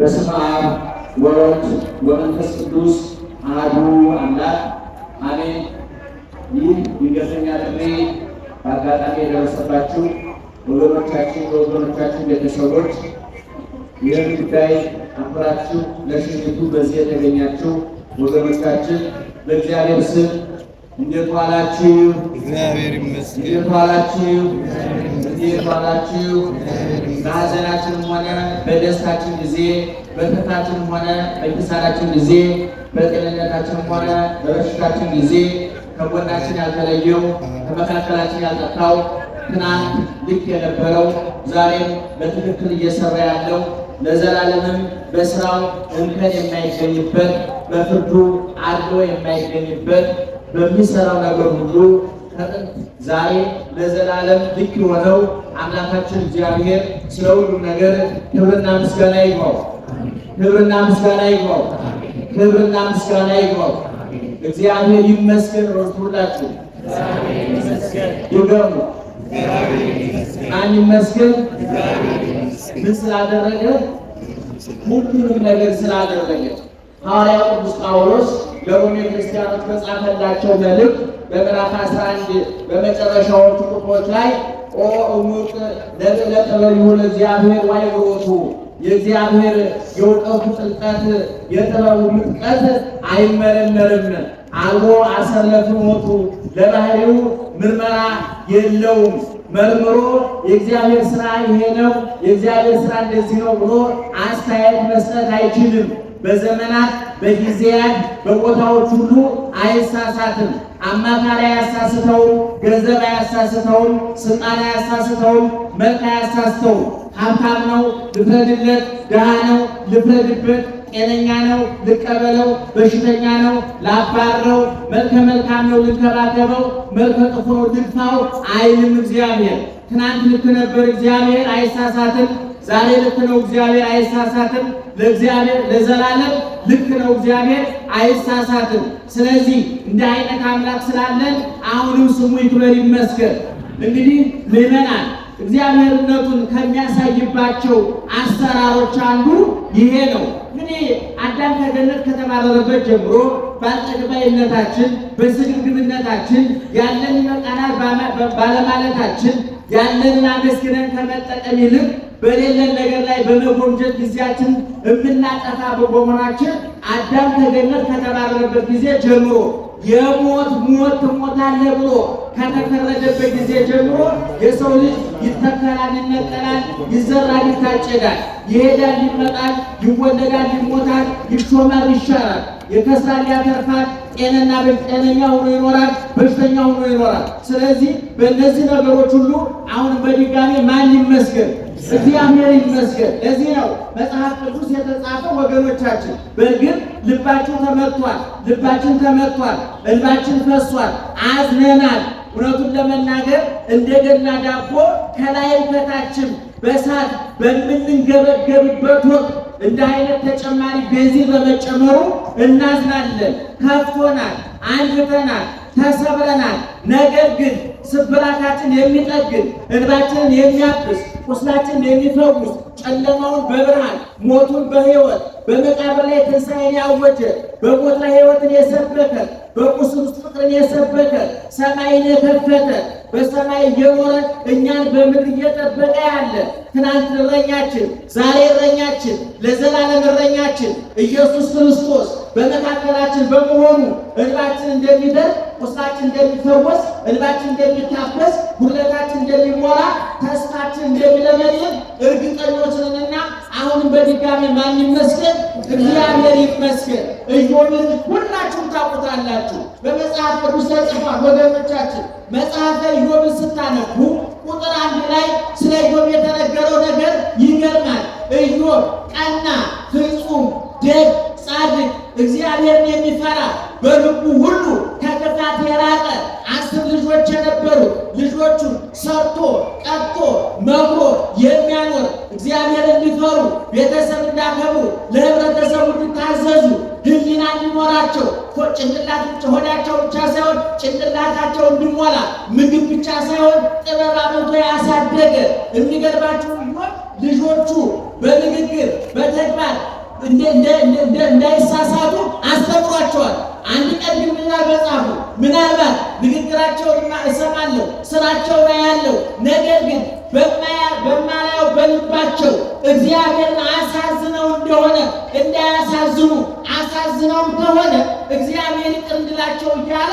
በስመ አብ ወወልድ ወመንፈስ ቅዱስ አሐዱ አምላክ አሜን። ይህ ድንገተኛ ጥሪ በአጋጣሚ የደረሰባችሁ ወገኖቻችን፣ በወገኖቻችን ቤተሰቦች ይህን ጉዳይ አብራችሁ ለሽኝቱ በዚህ የተገኛችሁ ወገኖቻችን በእግዚአብሔር ስም እንዴት ዋላችሁ? እንዴት ዋላችሁ? እንደዚህ ባላችሁ በሀዘናችንም ሆነ በደስታችን ጊዜ በፈታችንም ሆነ በኪሳራችን ጊዜ በጤንነታችንም ሆነ በበሽታችን ጊዜ ከጎናችን ያልተለየው ከመካከላችን ያልጠፋው ትናንት ልክ የነበረው ዛሬም በትክክል እየሰራ ያለው ለዘላለምም በስራው እንከን የማይገኝበት በፍርዱ አድሎ የማይገኝበት በሚሰራው ነገር ሁሉ ዛሬ ለዘላለም ልክ የሆነው አምላካችን እግዚአብሔር ስለ ሁሉም ነገር ክብርና ምስጋና ይግባው። ክብርና ምስጋና ይግባው። ክብርና ምስጋና ይግባው። እግዚአብሔር ይመስገን። ሮቱላችሁ ይገሙ ማን ይመስገን? ምን ስላደረገ? ሁሉንም ነገር ስላደረገ ሐዋርያው ቅዱስ ጳውሎስ ለሮሜ ክርስቲያኖች በጻፈላቸው መልእክት በምዕራፍ 11 በመጨረሻዎቹ ቁጥሮች ላይ ኦ እሙቅ ለጥለ ጥበብ ለእግዚአብሔር ዋይሮቱ የእግዚአብሔር የእውቀቱ ጥልቀት የጥበቡ ምጥቀት አይመረመርም። አልቦ አሰለፍ ሞቱ ለባህሪው ምርመራ የለውም። መርምሮ የእግዚአብሔር ስራ ይሄ ነው፣ የእግዚአብሔር ስራ እንደዚህ ነው ብሎ አስተያየት መስጠት አይችልም። በዘመናት በጊዜያት በቦታዎች ሁሉ አይሳሳትም። አማካሪ አያሳስተውም። ገንዘብ አያሳስተውም። ስልጣን አያሳስተውም። መልክ አያሳስተውም። ሀብታም ነው ልፍረድለት፣ ድሃ ነው ልፍረድበት፣ ጤነኛ ነው ልቀበለው፣ በሽተኛ ነው ላባረው፣ መልከ መልካም ነው ልንከባከበው፣ መልከ ክፉ ነው ልድፋው አይልም። እግዚአብሔር ትናንት ልክ ነበር። እግዚአብሔር አይሳሳትም። ዛሬ ልክ ነው እግዚአብሔር አይሳሳትም። ለእግዚአብሔር ለዘላለም ልክ ነው እግዚአብሔር አይሳሳትም። ስለዚህ እንደ አይነት አምላክ ስላለን አሁንም ስሙ ይክበር ይመስገን። እንግዲህ ምዕመናን እግዚአብሔርነቱን ከሚያሳይባቸው አሰራሮች አንዱ ይሄ ነው። እኔ አዳም ከገነት ከተባረረበት ጀምሮ ባልጠግባይነታችን፣ በስግብግብነታችን ያለን መቃናት ባለማለታችን ያለንን አመስግነን ከመጠቀም ይልቅ በሌለን ነገር ላይ በመጎምጀት ጊዜያችን የምናጠፋ በመሆናችን አዳም ከገነት ከተባረረበት ጊዜ ጀምሮ የሞት ሞት ትሞታለህ ብሎ ከተፈረደበት ጊዜ ጀምሮ የሰው ልጅ ይተከላል፣ ይዘራል፣ ይታጨዳል፣ ይሄዳል፣ ይመጣል፣ ይወለዳል፣ ይሞታል፣ ይሾማል፣ ይሻራል፣ ያተርፋል ጤነኛ ጤነኛ ሆኖ ይኖራል፣ በሽተኛ ሆኖ ይኖራል። ስለዚህ በእነዚህ ነገሮች ሁሉ አሁን በድጋሜ ማን ይመስገን? እግዚአብሔር ይመስገን። ለዚህ ነው መጽሐፍ ቅዱስ የተጻፈው ወገኖቻችን፣ በግል ልባችን ተመቷል፣ ልባችን ተመቷል፣ እልባችን ፈሷል፣ አዝነናል። እውነቱን ለመናገር እንደገና ዳቦ ከላይም ከታችም በሳት በምንንገበገብበት ወቅት እንዲህ አይነት ተጨማሪ በዚህ በመጨመሩ እናዝናለን። ከፍቶናል፣ አንፍተናል፣ ተሰብረናል። ነገር ግን ስብራታችን የሚጠግን እንባችንን የሚያብስ ቁስላችንን የሚፈውስ ጨለማውን በብርሃን ሞቱን በሕይወት በመቃብር ላይ ትንሣኤን ያወጀ በሞት ላይ ሕይወትን የሰበከ በቁስል ውስጥ ፍቅርን የሰበከ ሰማይን የከፈተ በሰማይ እየኖረ እኛን በምድር እየጠበቀ ያለ ትናንት እረኛችን፣ ዛሬ እረኛችን፣ ለዘላለም እረኛችን ኢየሱስ ክርስቶስ በመካከላችን በመሆኑ እንባችን እንደሚደር ቁስላችን እንደሚፈወስ፣ እንባችን እንደሚታበስ፣ ጉድለታችን እንደሚሞላ፣ ተስፋችን እንደሚለመልም እርግጠኞች ነንና አሁንም በድጋሚ ማን ይመስገን? እግዚአብሔር ይመስገን። ኢዮብን ሁላችሁም ታውቁታላችሁ። በመጽሐፍ ቅዱስ ተጽፏል። ወገኖቻችን መጽሐፈ ኢዮብን ስታነቡ ቁጥር አንድ ላይ ስለ ኢዮብ የተነገረው ነገር ይገርማል። ኢዮብ ቀና፣ ፍጹም፣ ደግ፣ ጻድቅ፣ እግዚአብሔርን የሚፈራ በልቡ ሁሉ ከክፋት የራቀ አስር ልጆች የነበሩ ልጆቹን ሰርቶ ቀጥቶ መክሮ የሚያኖር እግዚአብሔር እንዲፈሩ ቤተሰብ እንዳከብሩ ለህብረተሰቡ እንዲታዘዙ ህሊና እንዲኖራቸው ጭንቅላት ሆዳቸው ብቻ ሳይሆን ጭንቅላታቸው እንዲሞላ ምግብ ብቻ ሳይሆን ጥበብ አመቶ ያሳደገ የሚገርባችሁ ቢሆን ልጆቹ በንግግር በተግባር እንዳይሳሳቱ አስተምሯቸዋል። አንድ ቀን ግን ምናልባት ንግግራቸውንና እሰማለሁ ስራቸውን አያለሁ፣ ነገር ግን በማላያው በልባቸው እግዚአብሔርን አሳዝነው እንደሆነ እንዳያሳዝኑ አሳዝነውም ከሆነ እግዚአብሔር ይቅር እንዲላቸው እያለ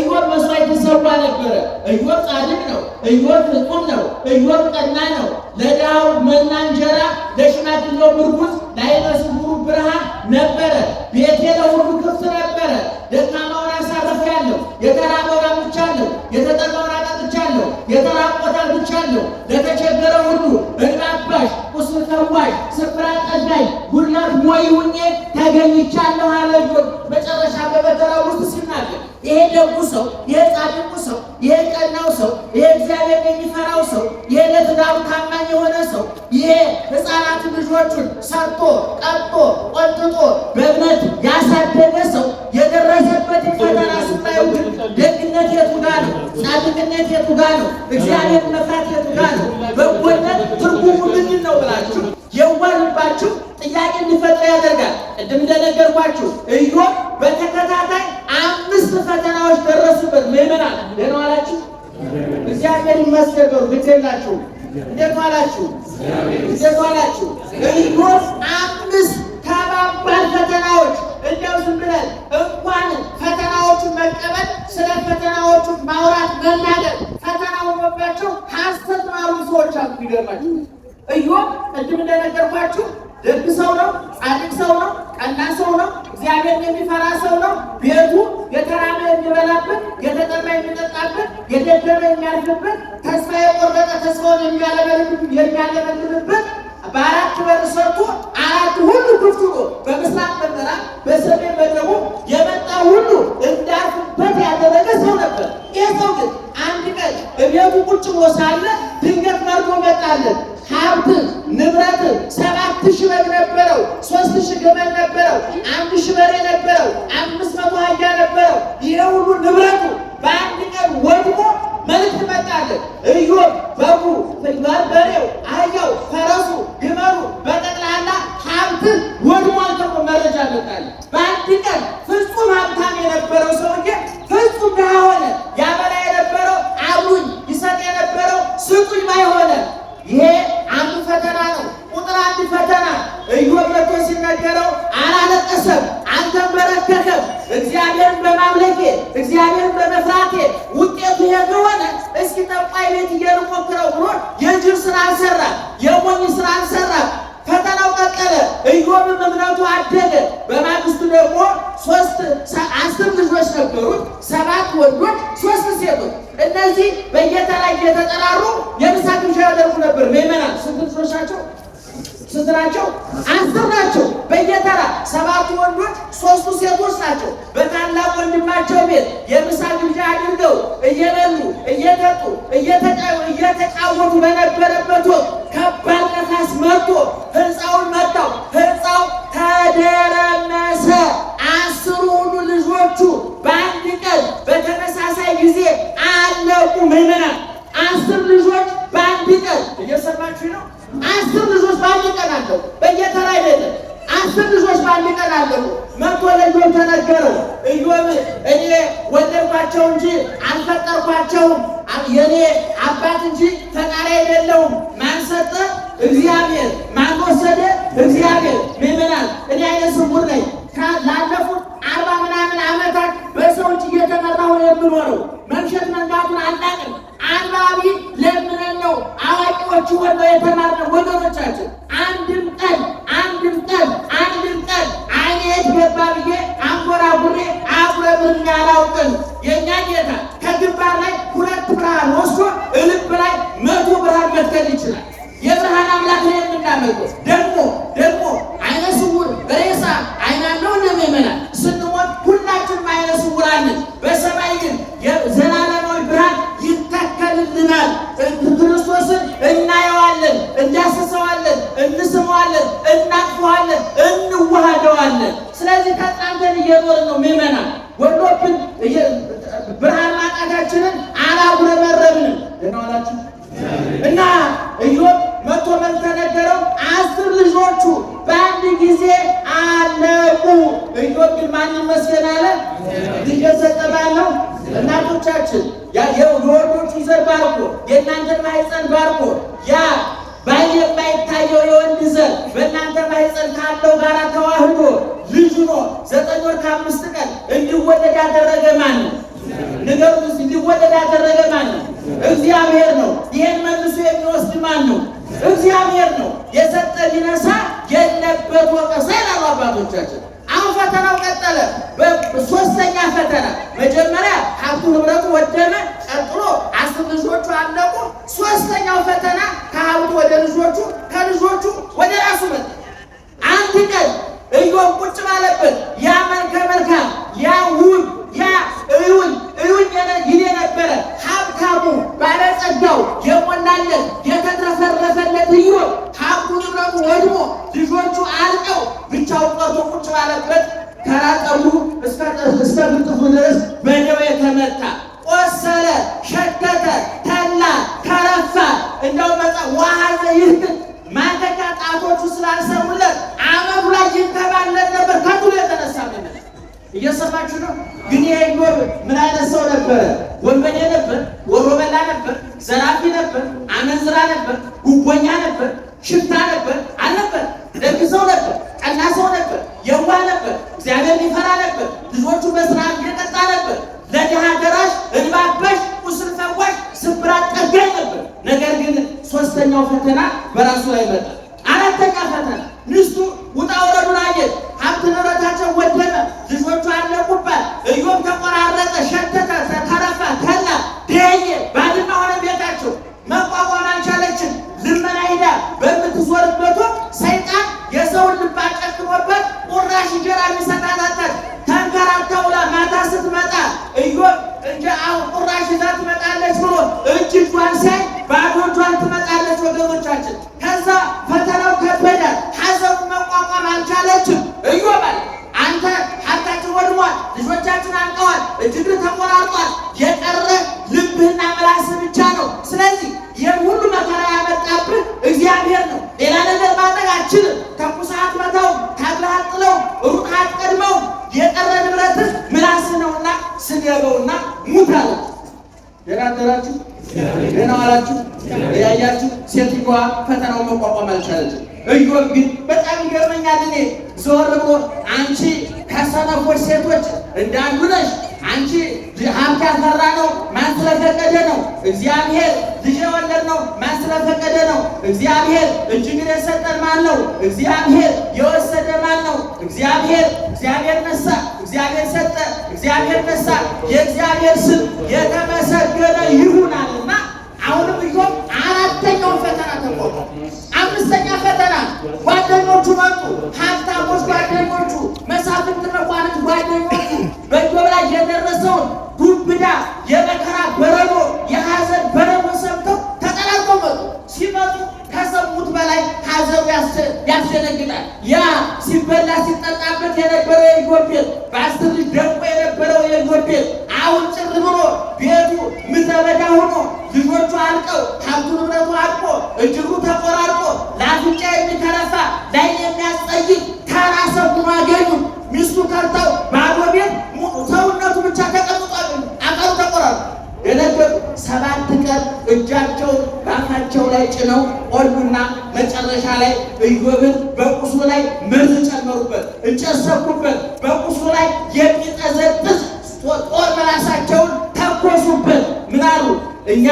ኢዮብ መስዋዕት ይሰዋ ነበረ። ኢዮብ ጻድቅ ነው። ኢዮብ ፍጹም ነው። ኢዮብ ቀና ነው። ለድሃው መና እንጀራ፣ ለሽማግሌው ምርኩዝ፣ ለዓይነ ስውሩ ብርሃን ነበረ። ቤቴ ለሁሉ ክፍት ነበረ። ደካማውን አሳርፌያለሁ፣ የተራበውን አብልቻለሁ፣ የተጠማውን አጠጥቻለሁ፣ የተራቆተ አብልቻለሁ። ለተቸገረ ሁሉ እንባ አባሽ፣ ቁስል ፈዋሽ፣ ስፍራ ጠጋኝ፣ ጉድለት ሞይ ሁኜ ተገኝቻለሁ አለ ጆብ። መጨረሻ በበደራው ውስጥ ሲናገር ይሄ ደጉ ሰው፣ ይሄ ጻድቁ ሰው፣ ይሄ ቀናው ሰው፣ ይሄ እግዚአብሔር የሚፈራው ሰው ለሥራው ታማኝ የሆነ ሰው ይሄ ህፃናት ልጆቹን ሰርቶ ቀጦ ቆጥጦ በእምነት ያሳደገ ሰው የደረሰበትን ፈተና ስታዩ ግን ደግነት የቱ ጋ ነው? ጻድቅነት የቱ ጋ ነው? እግዚአብሔር መፍራት የቱ ጋ ነው? በጎነት ትርጉሙ ምንድን ነው ብላችሁ የዋልባችሁ ጥያቄ እንዲፈጥር ያደርጋል። ቅድም እንደነገርኳችሁ እዮ በተከታታይ አምስት ፈተናዎች ደረሱበት። ምዕመናን ደህና ዋላችሁ። እግዚአብሔር ይመስገን። ግዜላችሁ እንዴት ዋላችሁ? እንዴት ዋላችሁ? በሂወት አምስት ከባባድ ፈተናዎች እንደው ዝም ብለን እንኳን ፈተናዎቹን መቀበል ስለ ፈተናዎቹ ማውራት መናገር ፈተናው መባቸው ሀሰት ማሉ ሰዎች አሉ። የሚገርማችሁ እዮብ ቅድም እንደነገርኳችሁ ደግ ሰው ነው፣ ጻድቅ ሰው ነው፣ ቀና ሰው ነው እግዚአብሔር የሚፈራ ሰው ነው ቤቱ የተራበ የሚበላበት፣ የተጠማ የሚጠጣበት፣ የደደበ የሚያልፍበት፣ ተስፋ የቆረጠ ተስፋውን የሚያለመልምበት በአራት በር ሰርቶ አራት ሁሉ ክፍት ሆኖ በምስራቅ በምዕራብ በሰሜን በደቡብ የመጣ ሁሉ እንዳርፍበት ያደረገ ሰው ነበር። ይህ ሰው ግን አንድ ቀን በቤቱ ቁጭ ብሎ ሳለ ድንገት መርዶ መጣለን። ሀብት ንብረት ሰባት ሺህ በግ ነበረው፣ ሶስት ሺህ ግመል ነበረው፣ አንድ ሺህ በሬ ነበረው፣ አምስት መቶ አህያ ነበረው። ይህ ሁሉ ንብረቱ በአንድ ቀን ወድሞ መልክት መጣለት። ኢዮብ በጉ፣ በሬው፣ አህያው፣ ፈረሱ፣ ግመሉ በጠቅላላ ሀብት ወድሞ አልተቆ መረጃ መጣለት። በአንድ ቀን ፍጹም ሀብታም የነበረው ሰውዬ ፍጹም ድሃ ሆነ። ያበላ የነበረው አሉኝ ይሰጥ የነበረው ስጡኝ ባይሆነ ይሄ አንዱ ፈተና ነው። ቁጥር አንድ ፈተና ኢዮብ መቶ ሲነገረው አላለቀሰም፣ አልተንበረከከም። እግዚአብሔርን በማምለኬ እግዚአብሔርን በመፍራቴ ውጤቱ ይሄ ከሆነ እስኪ ጠንቋይ ቤት እየንቆክረው ብሎ የጅብ ስራ አልሰራ፣ የሞኝ ስራ አልሰራ። ፈተናው ቀጠለ። ኢዮብም እምነቱ አደገ። በማግስቱ ደግሞ ሶስት አስር ልጆች ነበሩት፣ ሰባት ወንዶች፣ ሶስት ሴቶች። እነዚህ በየተራ እየተጠራሩ የምሳ ግብዣ ያደርጉ ነበር። ምዕመናን ስንት ልጆች ናቸው? ስንት ናቸው? አስር ናቸው። በየተራ ሰባቱ ወንዶች፣ ሶስቱ ሴቶች ናቸው። በታላቅ ወንድማቸው ቤት የምሳ ግብዣ አድርገው እየበሉ እየጠጡ እየተጫወቱ በነበረበት ወቅት ከባድ ነፋስ መጥቶ ህንፃውን መታው። ህንፃው ተደረመሰ። አስሩ ሁሉ ልጆቹ በአንድ ቀን በተመሳሳይ ጊዜ አለቁ። ምንና አስር ልጆች በአንድ ቀን እየሰማችሁ ነው። አስር ልጆች በአንድ ቀን አለቁ። በየተራ አይደለም። አስር ልጆች በአንድ ቀን አለቁ። መቶ ለእዮብ ተነገረው። እዮብ እኔ ወለድኳቸው እንጂ አልፈጠርኳቸውም፣ የኔ አባት እንጂ ፈጣሪ አይደለሁም። ማን ሰጠ? እግዚአብሔር። ማን ወሰደ? እግዚአብሔር። ምምናል እኔ አይነት ስውር ነኝ ላለፉት አርባ ምናምን ዓመታት በሰዎች እየተመራሁ የምኖረው መምሸት መንጋቱን አናቅም። አንባቢ ለምነን ነው አዋቂዎች ወደ የተማርነው ወገኖቻችን። አንድም ቀን አንድም ቀን አንድም ቀን አይኔት ገባ ብዬ አንጎራጉሬ አጉረምሬ አላውቅም። የእኛ ጌታ ከግንባር ላይ ሁለት ብርሃን ወስዶ እልብ ላይ መቶ ብርሃን መትከል ይችላል። የብርሃን አምላክ ነው የምናመልከው። አባቶቻችን የወንዶቹ ዘር ባርኮ የእናንተን ማይፀን ባርኮ ያ ባይ ባይታየው የወንድ ዘር በእናንተ ማይፀን ካለው ጋራ ተዋህዶ ልጅ ሆኖ ዘጠኝ ወር ከአምስት ቀን እንዲወለድ ያደረገ ማን ነው? ንገሩ። እንዲወለድ ያደረገ ማን ነው? እግዚአብሔር ነው። ይሄን መልሶ የሚወስድ ማን ነው? እግዚአብሔር ነው። የሰጠ ቢነሳ የለበት ወቀሳ ይላሉ አባቶቻችን። ፈተናው ቀጠለ። ሶስተኛ ፈተና መጀመሪያ ሀብቱ ንብረቱ ወደመ። ቀጥሎ አስር ልጆቹ አለቁ። ሶስተኛው ፈተና ከሀብቱ ወደ ልጆቹ፣ ከልጆቹ ወደ ራሱ መጣ። ተመታ፣ ቆሰለ፣ ሸተተ፣ ተላ፣ ተረፋ። እንደው መጣ ዋሃዘ ይህ ማንደጋ ጣቶቹ ስላልሰሙለት አመቱ ላይ ይንተባለል ነበር። ከቱሎ የተነሳ እየሰማችሁ ነው። ግን ይሄ ምን አይነት ሰው ነበረ? ወንበዴ ነበር፣ ወሮበላ ነበር፣ ዘራፊ ነበር፣ አመንዝራ ነበር፣ ጉቦኛ ነበር፣ ሽፍታ ነበር፣ አልነበር ደግ ሰው ነበር፣ ቀና ሰው ነበር፣ የዋ ነበር፣ እግዚአብሔር ይፈራ ነበር፣ ልጆቹ በስርዓት እየጠጣ ነበር። ለድሃ ደራሽ፣ እንባ አባሽ፣ ቁስል ፈዋሽ፣ ስብራት ጠጋኝ ነበር። ነገር ግን ሶስተኛው ፈተና በራሱ ላይ መጣ። አራተኛ ፈተና ሚስቱ ውጣ ውረዱን አየች። ሀብት ንብረታቸው ወደመ፣ ልጆቹ አለቁባት። እዮም ተቆራረጠ፣ ሸተተ አልችልም። ተኩሰህ አትመታው፣ ተብለ አጥለው፣ ሩቅህ አትቀድመው፣ የቀረ ንብረት ምላስ ነውና ስገበውና ሙት አለ። ደህና አደራችሁ፣ ደህና ዋላችሁ። ያያችሁ ሴትዮዋ ፈተናው መቋቋም አልቻለች። እዮም ግን በጣም ይገርመኛል። እኔ ዞር ብሎ አንቺ ከሰነፎች ሴቶች እንዳንዱ ነሽ አንቺ ሀብት ያፈራ ነው ማን ስለፈቀደ ነው? እግዚአብሔር። ልጅ የወለድ ነው ማን ስለፈቀደ ነው? እግዚአብሔር። እጅግን የሰጠን ማን ነው? እግዚአብሔር። የወሰደ ማን ነው? እግዚአብሔር። እግዚአብሔር ነሳ፣ እግዚአብሔር ሰጠ፣ እግዚአብሔር ነሳ። የእግዚአብሔር ስም የተመሰገነ ይሁናልና አሁንም ኢዮብ አራተኛውን ፈተና ተቆጣ። አምስተኛ ፈተና ጓደኞቹ መጡ፣ ሀብታሞች ጓደኞቹ፣ መሳፍንት መኳንንት ጓደኞቹ ላይ የደረሰውን ጉብዳ የመከራ በረዶ፣ የሐዘን በረዶ ሰምተው ተጠላልቀው መጡ። ሲመጡ ከሰሙት በላይ ሐዘኑ ያስደነግጣል። ያ ሲበላ ሲጠጣበት የነበረው የኢዮብ ቤት በአስር ልጅ ደምቆ የነበረው የኢዮብ ቤት አሁን ጭር ብሎ ቤቱ ምድረ በዳ ሆኖ ልጆቹ አልቀው ሀብቱ ንብረቱ አልቆ እጅሩ ተቆራርጦ ለአፍንጫ የሚከረፋ ላይ የሚያስጠይቅ ተራ ሰው ሆኖ አገኙ። ሚስቱ ከርተው እጃቸው ራሳቸው ላይ ጭነው ቆሉና መጨረሻ ላይ እዮብን በቁሱ ላይ መርዝ ጨመሩበት፣ እንጨት ሰኩበት፣ በቁሱ ላይ የሚጠዘጥዝ ጦር መላሳቸውን ተኮሱበት። ምን አሉ? እኛ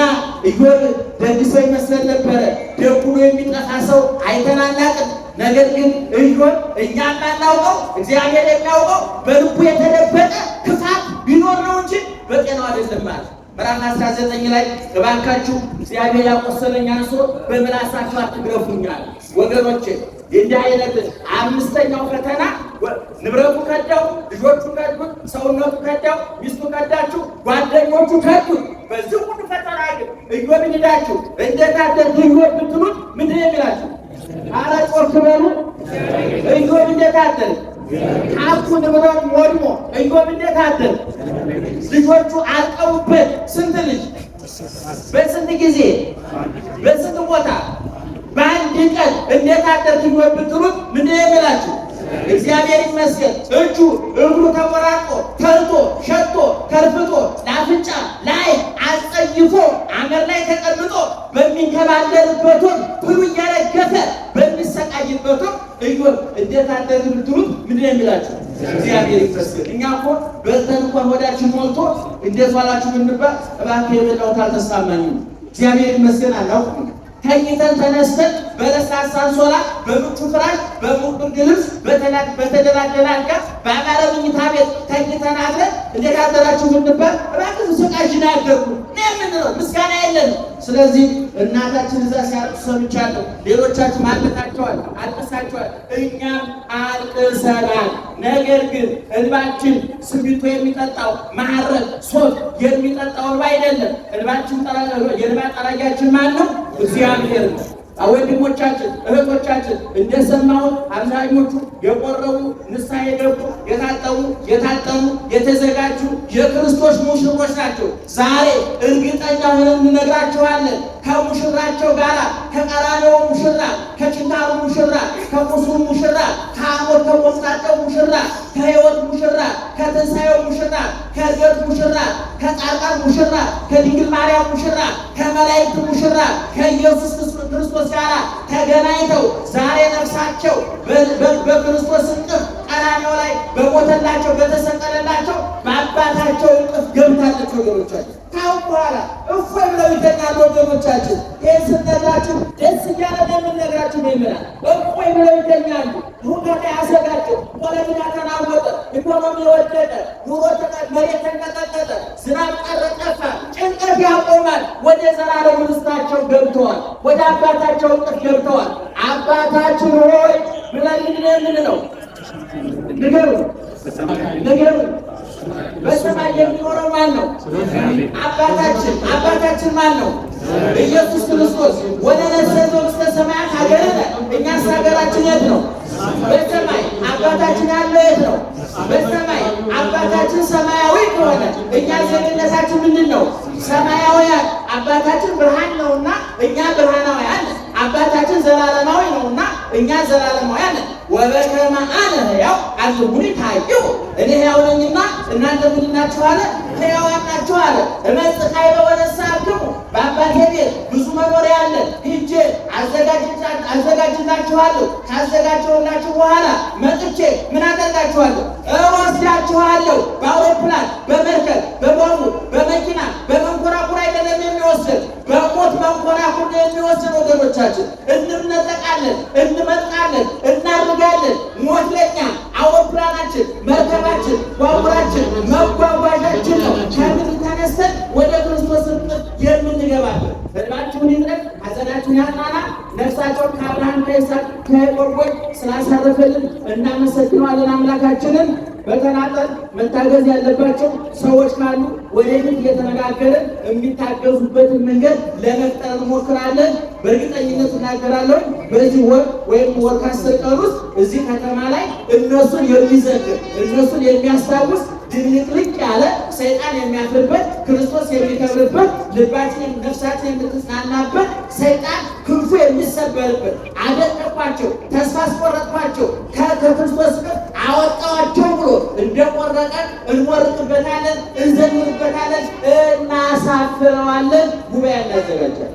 እዮብ ደግ ሰው ይመስለን ነበረ፣ ደግ የሚጠፋ ሰው አይተናናቅም። ነገር ግን ኢዮብ እኛ እናናውቀው እግዚአብሔር የሚያውቀው በልቡ የተደበቀ ክፋት ቢኖር ነው እንጂ በጤናው አይደለም ማለት ምዕራፍ 19 ላይ እባካችሁ እግዚአብሔር ያቆሰለኝ አንሶ በምላሳችሁ አትግረፉኛል። ወገኖች እንዲህ አይነት አምስተኛው ፈተና ንብረቱ ከዳው፣ ልጆቹ ከዱት፣ ሰውነቱ ከዳው፣ ሚስቱ ከዳችሁ፣ ጓደኞቹ ከዱት። በዚህ ሁሉ ፈተና ግን እዮብን ሄዳችሁ እንዴት አደርግ ብትሉት ምንድን የሚላችሁ? አረ ጮክ እዮብ እንዴት ሀብቱ ንብረት ወድሞ ኢዮብ እንዴት አደር? ልጆቹ አልቀውበት ስንት ልጅ በስንት ጊዜ በስንት ቦታ በአንድ ቀን እንዴት አደር ትኖር ብትሉት ምንድን ነው የሚላችሁ? እግዚአብሔር ይመስገን። እጁ እግሩ ተቆራርጦ ተልጦ ሸቶ ተርፍጦ ለአፍንጫ ላይ አስጸይፎ አመር ላይ ተቀምጦ በሚንከባለልበት ወቅት እያረገፈ በሚሰቃይበት ወቅት እዮብ እንዴት አደርግ ብትሉት ምንድን ነው የሚላቸው? እግዚአብሔር ይመስገን። እኛ እኮ በልተን እንኳን ሆዳችን ሞልቶ እንዴት ዋላችሁ ብንባል እባክህ የበላሁት አልተስማማኝም። እግዚአብሔር ይመስገን አላውቅም ተኝተን ተነስተን በለስላሳ አንሶላ በምቹ ፍራሽ በሙቅ ልብስ በተደላደለ አልጋ በአማረ ምኝታ ቤት ተኝተን አድረን እንዴት አደራችሁ ብንባል እባክህ ስቃዥን አደርጉ ነው፣ ምስጋና የለን። ስለዚህ እናታችን እዛ ሲያርቅ ሰምቻለሁ። ሌሎቻችን አልቅሳችኋል፣ አልቅሳችኋል፣ እኛም አልቅሰናል። ነገር ግን እንባችን ስሚንቶ የሚጠጣው ማዕረግ ሶት የሚጠጣው እንባ አይደለም። እንባችን የእንባ ጠራጊያችን ማን ነው? እግዚአብሔር ነው። ወንድሞቻችን እህቶቻችን እንደሰማሁት አብዛኞቹ የቆረቡ ንስሐ የገቡ የታጠቡ የታጠሙ የተዘጋጁ የክርስቶስ ሙሽሮች ናቸው። ዛሬ እርግጠኛ ሆነን እንነግራችኋለን። ከሙሽራቸው ጋር ከቀራኔው ሙሽራ፣ ከጭንታሩ ሙሽራ፣ ከቁሱ ሙሽራ፣ ከአሞር ከቆስጣጨው ሙሽራ ከህይወት ሙሽራ፣ ከትንሣኤው ሙሽራ፣ ከእርገት ሙሽራ፣ ከጻድቃን ሙሽራ፣ ከድንግል ማርያም ሙሽራ፣ ከመላእክት ሙሽራ ከኢየሱስ ክርስቶስ ጋር ተገናኝተው ዛሬ ነፍሳቸው በክርስቶስ እንቅፍ ቀራንዮ ላይ በሞተላቸው በተሰቀለላቸው በአባታቸው እንቅፍ ገብታለች ወገኖቻቸው። በኋላ እፎይ ብለው ይተኛሉ ወገኖቻችን። ይህን ስነግራችሁ ደስ እያለን የምንነግራችሁ ነው ይላል። እፎይ ብለው ይተኛሉ። ሁኔታ ያሰጋቸው ፖለቲካ ተናወጠ፣ ኢኮኖሚ ወደቀ፣ ኑሮ መሬት ተንቀጠቀጠ፣ ዝናብ ቀረ፣ ጠፋ። ጭንቀት ያቆማል። ወደ ዘላለም ርስታቸው ገብተዋል። ወደ አባታቸው እቅፍ ገብተዋል። አባታችን ሆይ ብለን ምንድን ነው ንገሩ ንገሩ በሰማይ የሚኖረው ማን ነው? አባታችን አባታችን ማን ነው? ኢየሱስ ክርስቶስ ወደ ነሰዘው እስከ ሰማያት ሀገርነ እኛስ ሀገራችን የት ነው? በሰማይ አባታችን ያለ የት ነው? በሰማይ አባታችን ሰማያዊ ከሆነ እኛ ዜግነታችን ምንድን ነው? ሰማያውያን አባታችን ብርሃን ነውና እኛ ብርሃናውያን አባታችን ዘላለማዊ ነውና እኛ ዘላለማዊ አለ ወበከመ አነ ሕያው አልኩኒ ታዩ እኔ ሕያው ነኝና እናንተ ምንድን ናችሁ አለ ሕያዋን ናችሁ አለ እመጽእ ኃይለ ወነሳክሙ በአባቴ ቤት ብዙ መኖሪያ አለ ሂጄ አዘጋጅላችኋለሁ ካዘጋጀሁላችሁ በኋላ መጥቼ ምን አደርጋችኋለሁ እወስዳችኋለሁ በአውሮፕላን በመርከብ መናፍቅ የሚወስን ወገኖቻችን፣ እንነጠቃለን፣ እንመጥቃለን፣ እናርጋለን። ሞት ለኛ አውሮፕላናችን፣ መርከባችን፣ ባቡራችን፣ መጓጓዣችን ነው። ከምን ተነስተን ወደ ክርስቶስ ምድር የምንገባለን። ዕድማችሁን ይጥረግ፣ ሐዘናችሁን ያጽናና። ነፍሳቸውን ከአብርሃም ከይስሐቅ ከያዕቆብ ስላሳረፈልን እናመሰግነዋለን አምላካችንን። በተናጠል መታገዝ ያለባቸው ሰዎች ካሉ ወደፊት እየተነጋገርን የሚታገዙበትን መንገድ ለመፍጠር እንሞክራለን። በእርግጠኝነት እናገራለን በዚህ ወር ወይም ወር ከአስር ቀን ውስጥ እዚህ ከተማ ላይ እነሱን የሚዘክር እነሱን የሚያስታውስ ድንቅልቅ ያለ ሰይጣን የሚያፍርበት ክርስቶስ የሚከብርበት ልባችን ነፍሳችን የምትጽናናበት ሰይጣን ክንፉ የሚሰበርበት አደነኳቸው ተስፋ ቆረጥኳቸው ከክርስቶስ ፍቅር አወጣዋቸው ብሎ እንደቆረጠን እንወርቅበታለን፣ እንዘምርበታለን፣ እናሳፍረዋለን። ጉባኤ እናዘጋጃል።